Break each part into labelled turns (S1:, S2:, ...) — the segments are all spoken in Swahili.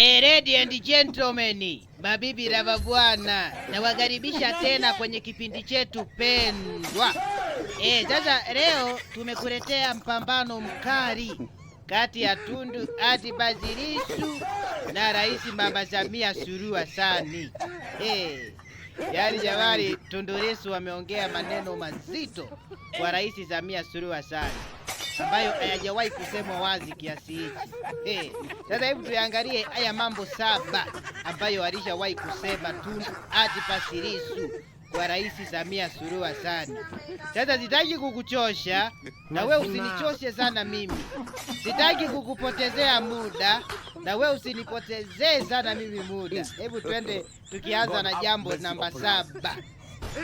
S1: Hey, ladies and gentlemen, mabibi na mabwana, nawakaribisha tena kwenye kipindi chetu pendwa. Sasa hey, leo tumekuletea mpambano mkali kati ya Tundu Antipas Lissu na Rais Mama Samia Suluhu Hassan. Hey. Yaani jamani, Tundu Lissu wameongea maneno mazito kwa Rais Samia Suluhu Hassan ambayo hayajawahi kusemwa wazi kiasi hiki. Hey, sasa hebu tuyaangalie haya mambo saba ambayo alishawahi kusema Tundu Antipas Lissu kwa Rais Samia Suluhu Hassan. Sasa sitaki kukuchosha na we usinichoshe sana mimi, sitaki kukupotezea muda na we usinipotezee sana mimi muda. Hebu twende tukianza na jambo namba saba,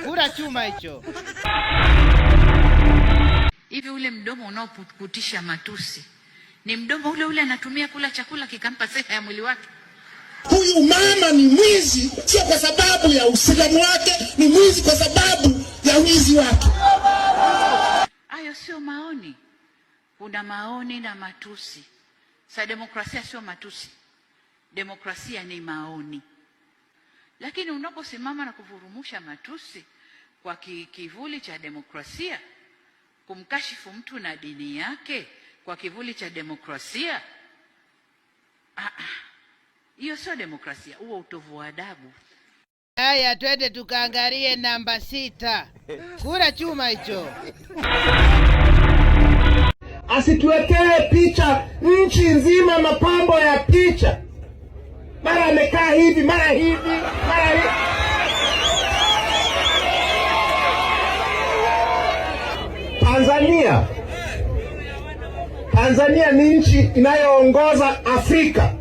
S1: kura chuma hicho.
S2: Hivi ule mdomo unaokutisha matusi ni mdomo ule ule anatumia kula chakula kikampa siha ya mwili wake?
S3: Huyu mama ni mwizi, sio kwa sababu ya usilamu wake, ni mwizi kwa sababu ya wizi wake.
S2: Hayo sio maoni. Kuna maoni na matusi. Sa demokrasia sio matusi, demokrasia ni maoni. Lakini unaposimama na kuvurumusha matusi kwa kivuli cha demokrasia kumkashifu mtu na dini yake kwa kivuli cha demokrasia? Ah, ah. Hiyo sio demokrasia, huo utovu wa adabu.
S1: Haya, twende tukaangalie namba sita, kura chuma hicho.
S4: Asituwekee picha nchi nzima, mapambo ya picha, mara amekaa hivi, mara hivi, mara hivi. Tanzania, Tanzania ni nchi inayoongoza Afrika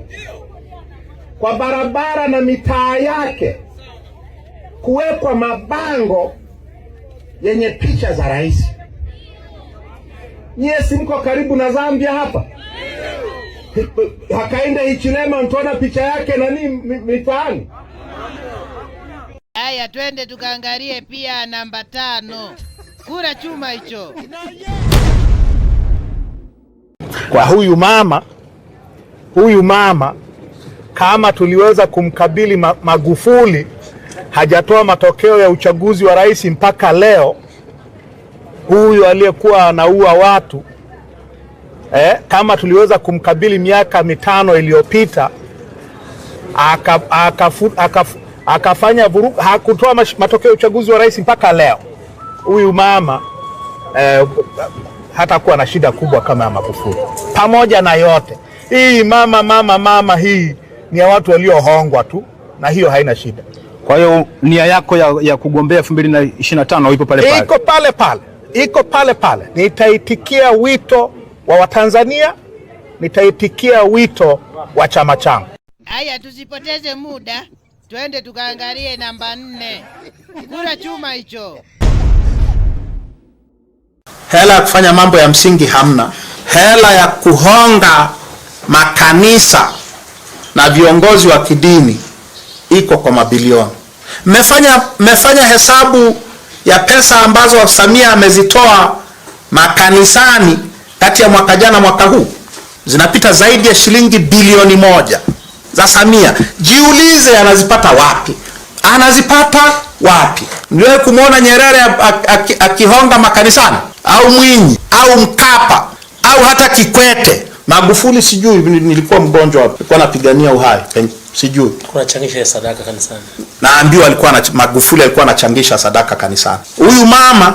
S4: kwa barabara na mitaa yake kuwekwa mabango yenye picha za rais. Nyie si mko karibu na Zambia hapa? Hakainde Hichilema mtuona picha yake nani mitaani.
S1: Haya, twende tukaangalie pia namba tano kura chuma hicho.
S5: Kwa huyu mama, huyu mama kama tuliweza kumkabili Magufuli, hajatoa matokeo ya uchaguzi wa rais mpaka leo, huyu aliyekuwa anaua watu eh, kama tuliweza kumkabili miaka mitano iliyopita akafanya vurugu, hakutoa matokeo ya uchaguzi wa rais mpaka leo huyu mama eh, hatakuwa na shida kubwa kama ya Magufuli. Pamoja na yote hii mama mama mama hii ni ya watu waliohongwa tu, na hiyo haina shida.
S6: Kwa hiyo nia yako ya, ya kugombea 2025 ipo pale
S5: pale, iko pale pale, iko pale pale. Nitaitikia wito wa Watanzania, nitaitikia wito wa chama changu.
S1: Haya, tusipoteze muda, twende tukaangalie namba nne, kura chuma hicho
S5: hela ya kufanya mambo ya msingi hamna, hela ya kuhonga makanisa na viongozi wa kidini iko kwa mabilioni. Mmefanya mmefanya hesabu ya pesa ambazo Samia amezitoa makanisani kati ya mwaka jana mwaka huu, zinapita zaidi ya shilingi bilioni moja za Samia. Jiulize, anazipata wapi? Anazipata wapi? Mliwahi kumwona Nyerere akihonga makanisani? au Mwinyi au Mkapa au hata Kikwete, Magufuli sijui, nilikuwa mgonjwa wapi, nilikuwa napigania uhai sijui,
S7: kunachangisha sadaka kanisani,
S5: naambiwa alikuwa na Magufuli alikuwa anachangisha sadaka kanisani. Huyu mama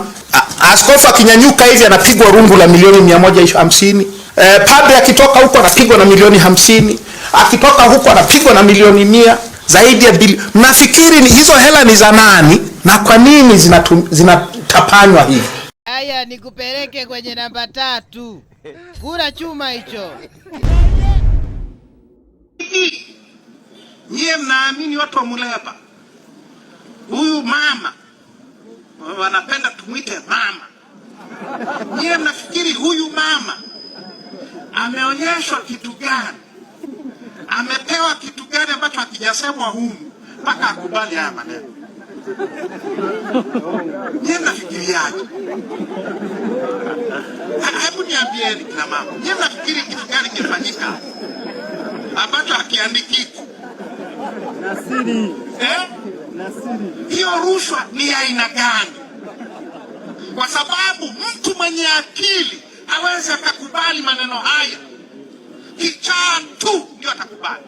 S5: askofu akinyanyuka hivi anapigwa rungu la milioni mia moja hamsini. E, padre akitoka huko anapigwa na milioni hamsini, akitoka huko anapigwa na milioni mia zaidi ya bili. Mnafikiri hizo hela ni za nani na kwa nini zinatapanywa hivi?
S1: Haya, nikupeleke kwenye namba tatu. Kura chuma hicho.
S8: Nyie mnaamini watu wa Muleba, huyu mama wanapenda tumwite mama. Nyie mnafikiri huyu mama ameonyeshwa kitu gani? Amepewa kitu gani ambacho hakijasemwa humu mpaka akubali haya maneno? Nyie mnafikiriaje? Hebu niambieni kina mama, nyie mnafikiri kitu gani kifanyika ambacho hakiandikiki? Eh? Hiyo eh, rushwa ni aina gani? Kwa sababu mtu mwenye akili hawezi akakubali maneno haya, kichaa tu ndio atakubali.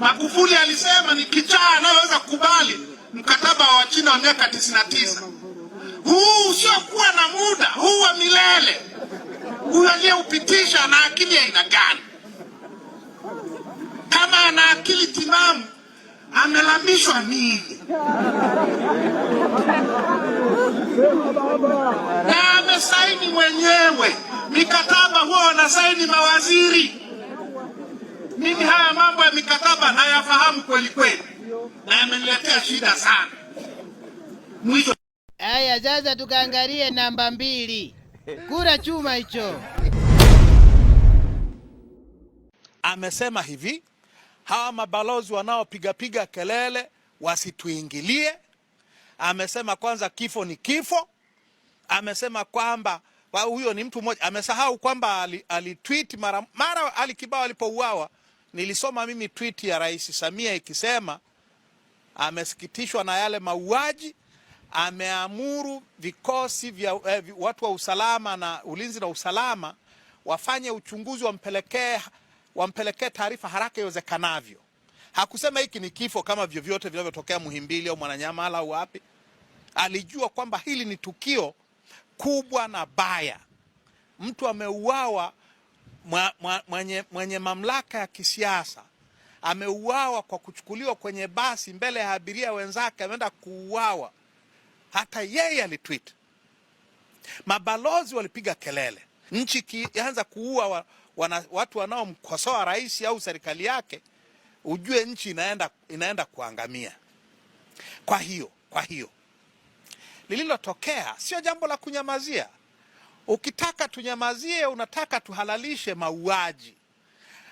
S8: Magufuli alisema ni kichaa anayeweza kukubali mkataba wa China wa miaka 99 huu usiokuwa na muda huu wa milele, huyo aliyeupitisha na akili aina gani? Kama ana akili timamu amelamishwa nini? na amesaini mwenyewe mikataba, huwa wanasaini mawaziri. Mimi haya mambo ya mikataba nayafahamu kweli kweli na ameniletea shida sana.
S1: Mwisho haya, sasa tukaangalie namba mbili, kura chuma hicho.
S5: Amesema hivi, hawa mabalozi wanaopigapiga kelele wasituingilie. Amesema kwanza kifo ni kifo. Amesema kwamba huyo ni mtu mmoja. Amesahau kwamba alitweet mara mara Ali Kibao alipouawa, nilisoma mimi tweet ya Rais Samia ikisema amesikitishwa na yale mauaji, ameamuru vikosi vya eh, watu wa usalama na ulinzi na usalama wafanye uchunguzi, wampelekee wampelekee taarifa haraka iwezekanavyo. Hakusema hiki ni kifo kama vyovyote vinavyotokea Muhimbili au Mwananyamala au wapi. Alijua kwamba hili ni tukio kubwa na baya, mtu ameuawa mwenye mamlaka ya kisiasa ameuawa kwa kuchukuliwa kwenye basi mbele ya abiria wenzake, ameenda kuuawa. Hata yeye alitwit, Mabalozi walipiga kelele, nchi ikianza kuua wa, wana, watu wanaomkosoa rais au serikali yake, ujue nchi inaenda, inaenda kuangamia. Kwa hiyo kwa hiyo lililotokea sio jambo la kunyamazia. Ukitaka tunyamazie, unataka tuhalalishe mauaji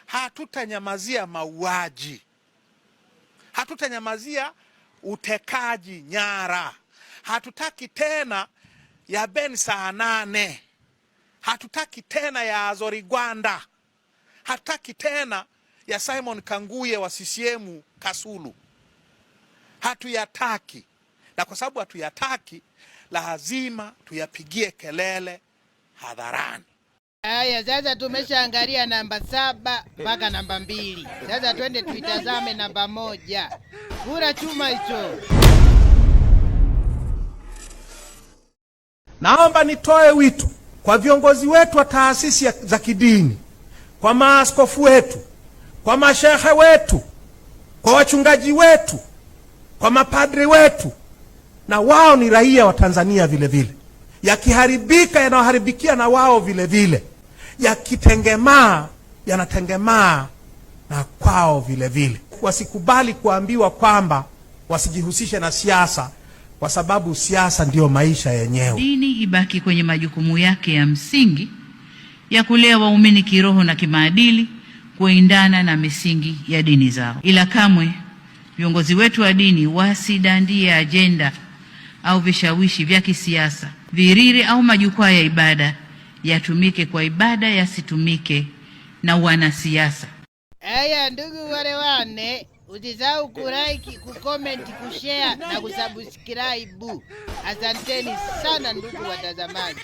S5: hatutanyamazia mauaji, hatutanyamazia utekaji nyara. Hatutaki tena ya Ben saa nane, hatutaki tena ya Azori Gwanda, hatutaki tena ya Simon Kanguye wa CCM Kasulu, hatuyataki. Na kwa sababu hatuyataki, lazima tuyapigie kelele hadharani.
S1: Haya sasa, tumeshaangalia namba saba mpaka namba mbili. Sasa twende tuitazame namba moja. Kura chuma hicho.
S5: Naomba nitoe wito kwa viongozi wetu wa taasisi za kidini, kwa maaskofu wetu, kwa mashehe wetu, kwa wachungaji wetu, kwa mapadri wetu, na wao ni raia wa Tanzania vile vile. Yakiharibika yanaoharibikia na wao vile vile yakitengemaa yanatengemaa na kwao vile vile. Wasikubali kuambiwa kwamba wasijihusishe na siasa, kwa sababu siasa ndiyo maisha yenyewe.
S9: Dini ibaki kwenye majukumu yake ya msingi ya kulea waumini kiroho na kimaadili kuendana na misingi ya dini zao, ila kamwe viongozi wetu wa dini wasidandie ajenda au vishawishi vya kisiasa, viriri au majukwaa ya ibada yatumike kwa ibada, yasitumike na wanasiasa.
S1: Haya, ndugu wale wane, usisahau kulike, kukomenti, kushare na kusubscribe. Asanteni sana ndugu watazamaji.